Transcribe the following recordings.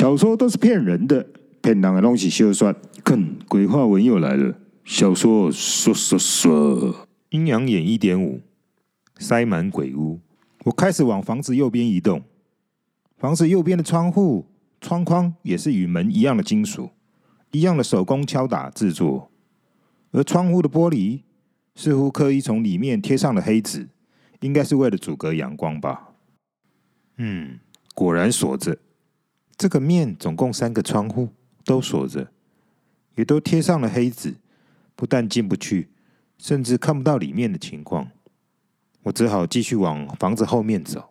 小說都是騙人的，騙人的東西就算看鬼話文又來了，小說說說說《陰陽眼》一點五，塞滿鬼屋。我開始往房子右邊移動，房子右邊的窗戶窗框也是與門一樣的金屬，一樣的手工敲打製作。而窗戶的玻璃似乎刻意從裡面貼上了黑紙，應該是為了阻隔陽光吧。嗯，果然鎖着。這個面總共三個窗戶都鎖着，也都貼上了黑紙，不但進不去，甚至看不到裡面的情況。我只好繼續往房子後面走。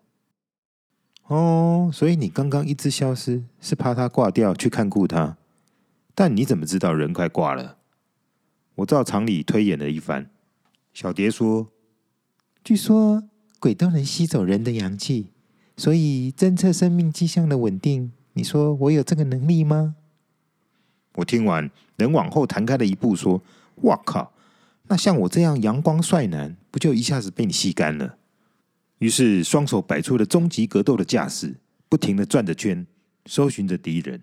哦，所以你剛剛一直消失，是怕他掛掉，去看顧他。但你怎麼知道人快掛了？我照常理推演了一番。小蝶說：“據說鬼都能吸走人的陽氣，所以偵測生命跡象的穩定。”你說我有這個能力嗎？我聽完，人往後彈開了一步，說：“哇靠，那像我這樣陽光帥男，不就一下子被你吸乾了？”於是雙手擺出了終極格鬥的架勢，不停的轉着圈，搜尋着敵人，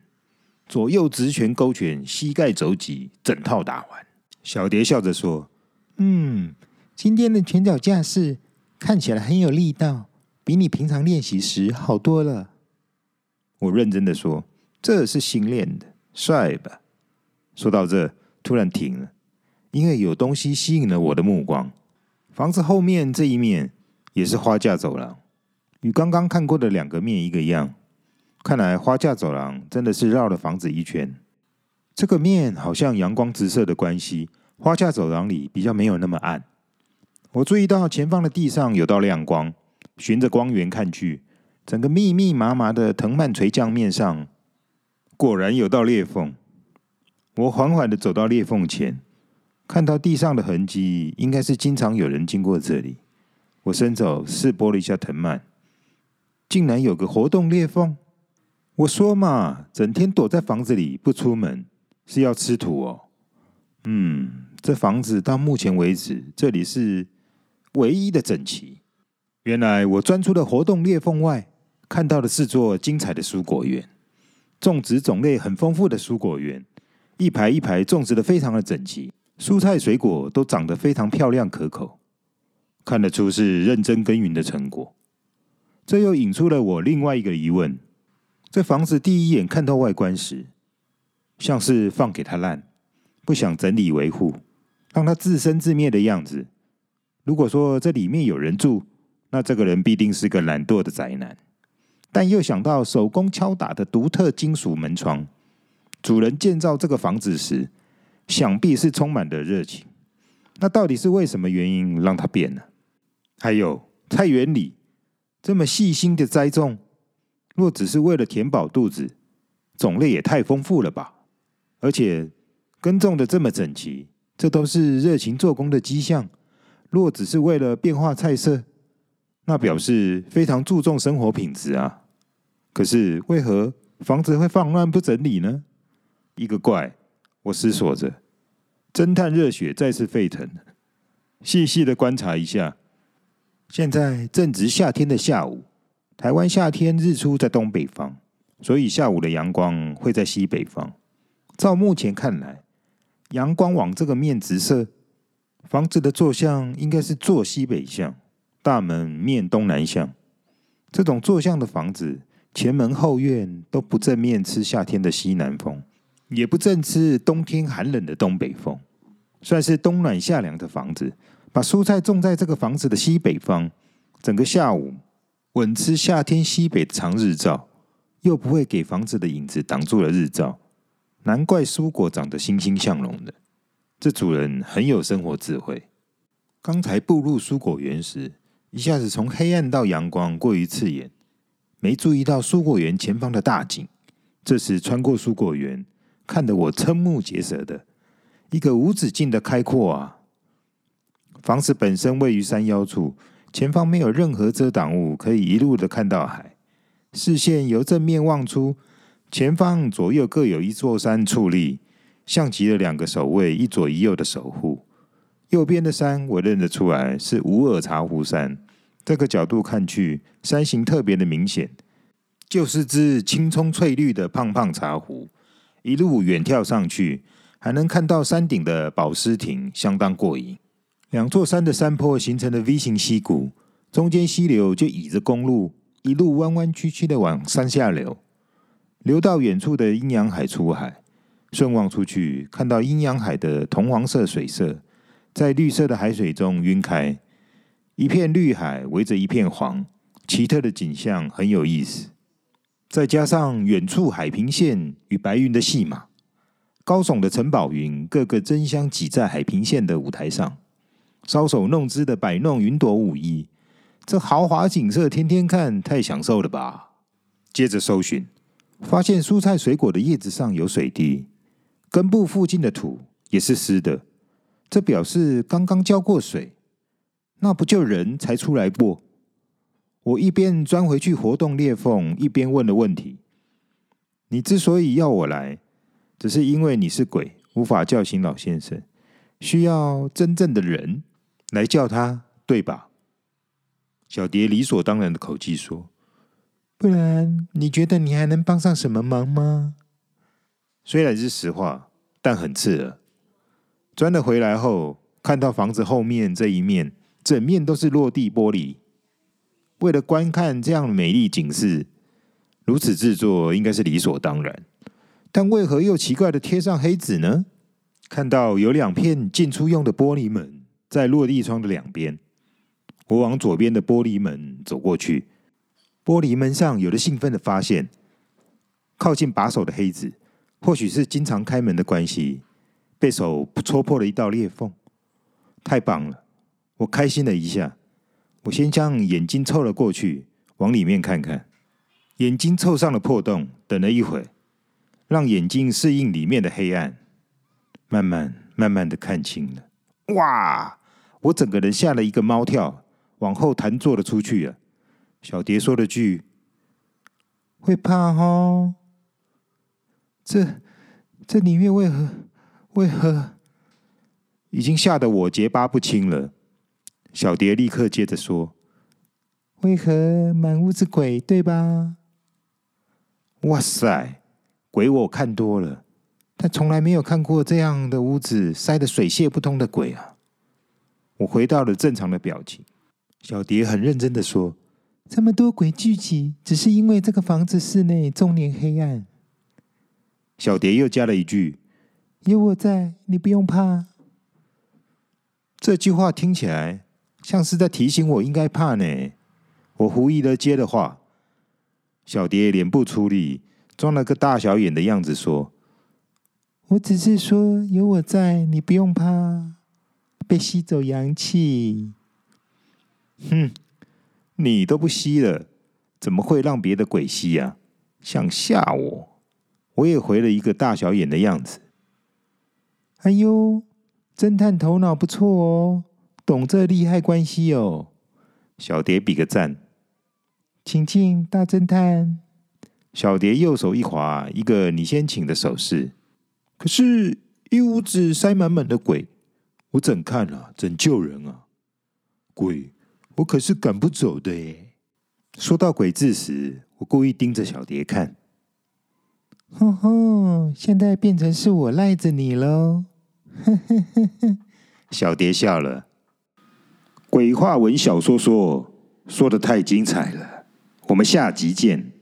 左右直拳、勾拳、膝蓋、肘擊，整套打完。小蝶笑着說：“嗯，今天的拳腳架勢看起來很有力道，比你平常練習時好多了。”我認真的說，這是新練的，帥吧？說到這，突然停了，因為有東西吸引了我的目光。房子後面這一面也是花架走廊，與剛剛看過的兩個面一個樣。看來花架走廊真的是繞了房子一圈。這個面好像陽光直射的關係，花架走廊裡比較沒有那麼暗。我注意到前方的地上有道亮光，循着光源看去。整個密密麻麻的藤蔓垂降面上，果然有道裂縫。我緩緩的走到裂縫前，看到地上的痕跡，應該是經常有人經過這裡。我伸手試撥了一下藤蔓，竟然有個活動裂縫。我說嘛，整天躲在房子裡不出門，是要吃土哦。嗯，這房子到目前為止，這裡是唯一的整齊。原來我鑽出了活動裂縫外。看到的是座精彩的蔬果園，種植種類很豐富的蔬果園，一排一排種植的非常的整齊，蔬菜水果都長得非常漂亮可口，看得出是認真耕耘的成果。這又引出了我另外一個疑問：這房子第一眼看到外觀時，像是放給他爛，不想整理維護，讓他自生自滅的樣子。如果說這裡面有人住，那這個人必定是個懶惰的宅男。但又想到手工敲打的獨特金屬門窗，主人建造這個房子時，想必是充滿了熱情。那到底是為什麼原因讓它變了啊？還有菜園裡這麼細心的栽種，若只是為了填飽肚子，種類也太豐富了吧？而且耕種的這麼整齊，這都是熱情做工的跡象。若只是為了變化菜色，那表示非常注重生活品質啊！可是為何房子會放亂不整理呢？一個怪，我思索着，偵探熱血再次沸騰。細細的觀察一下，現在正值夏天的下午，台灣夏天日出在東北方，所以下午的陽光會在西北方。照目前看來，陽光往這個面直射，房子的坐向應該是坐西北向，大門面東南向。這種坐向的房子，前門後院都不正面吃夏天的西南風，也不正吃冬天寒冷的東北風，算是冬暖夏涼的房子。把蔬菜種在這個房子的西北方，整個下午穩吃夏天西北的長日照，又不會給房子的影子擋住了日照，難怪蔬果長得欣欣向榮的。這主人很有生活智慧。剛才步入蔬果園時，一下子從黑暗到陽光過於刺眼。沒注意到蔬果園前方的大景，這時穿過蔬果園，看得我瞠目結舌的，一個無止境的開闊啊！房子本身位於山腰處，前方沒有任何遮擋物，可以一路的看到海。視線由正面望出，前方左右各有一座山矗立，像極了兩個守衛，一左一右的守護。右邊的山我認得出來，是無耳茶壺山。這個角度看去，山形特別的明顯，就是隻青蔥翠綠的胖胖茶壺。一路遠眺上去，還能看到山頂的報時亭，相當過癮。兩座山的山坡形成的 V 型溪谷，中間溪流就倚着公路，一路彎彎曲曲的往山下流，流到遠處的陰陽海出海。順望出去，看到陰陽海的銅黃色水色，在綠色的海水中暈開。一片綠海圍着一片黃，奇特的景象很有意思。再加上遠處海平線與白雲的戲碼，高聳的城堡雲個個爭相擠在海平線的舞台上，搔首弄姿的擺弄雲朵舞衣。這豪華景色天天看，太享受了吧！接着搜尋，發現蔬菜水果的葉子上有水滴，根部附近的土也是濕的，這表示剛剛澆過水。那不就人才出來過？我一邊鑽回去活動裂縫，一邊問了問題。你之所以要我來，只是因為你是鬼，無法叫醒老先生，需要真正的人來叫他，對吧？小蝶理所當然的口氣說：“不然你覺得你還能幫上什麼忙嗎？”雖然是實話，但很刺耳。鑽了回來後，看到房子後面這一面。整面都是落地玻璃，為了觀看這樣美麗景色，如此製作應該是理所當然。但為何又奇怪的貼上黑紙呢？看到有兩片進出用的玻璃門在落地窗的兩邊，我往左邊的玻璃門走過去。玻璃門上有了興奮的發現：靠近把手的黑紙，或許是經常開門的關係，被手戳破了一道裂縫。太棒了！我開心了一下，我先將眼睛湊了過去，往裡面看看，眼睛湊上了破洞，等了一會，讓眼睛適應裡面的黑暗，慢慢慢慢的看清了。哇！我整個人嚇了一個貓跳，往後彈坐了出去了。小蝶說了句：“會怕吼、哦。”這這裡面為何為何？已經嚇得我結巴不清了。小蝶立刻接着說：“為何滿屋子鬼，對吧？”“哇塞，鬼我看多了，但從來沒有看過這樣的屋子塞得水泄不通的鬼啊！”我回到了正常的表情。小蝶很認真的說：“這麼多鬼聚集，只是因為這個房子室內終年黑暗。”小蝶又加了一句：“有我在，你不用怕。”這句話聽起來。像是在提醒我應該怕呢，我狐疑的接了話，小蝶臉部出力，裝了個大小眼的樣子說：“我只是說有我在，你不用怕，被吸走陽氣。”哼，你都不吸了，怎麼會讓別的鬼吸啊？想嚇我？我也回了一個大小眼的樣子。哎呦，偵探頭腦不錯哦。懂這利害關係哦，小蝶比個讚，請進大偵探。小蝶右手一劃，一個你先請的手勢。可是，一屋子塞滿滿的鬼，我怎看啊？怎救人啊？鬼，我可是趕不走的耶。說到鬼字時，我故意盯着小蝶看。呵呵呵呵，現在變成是我賴着你嘍。呵呵呵呵，小蝶笑了。鬼話文小說說說得太精彩了，我們下集見。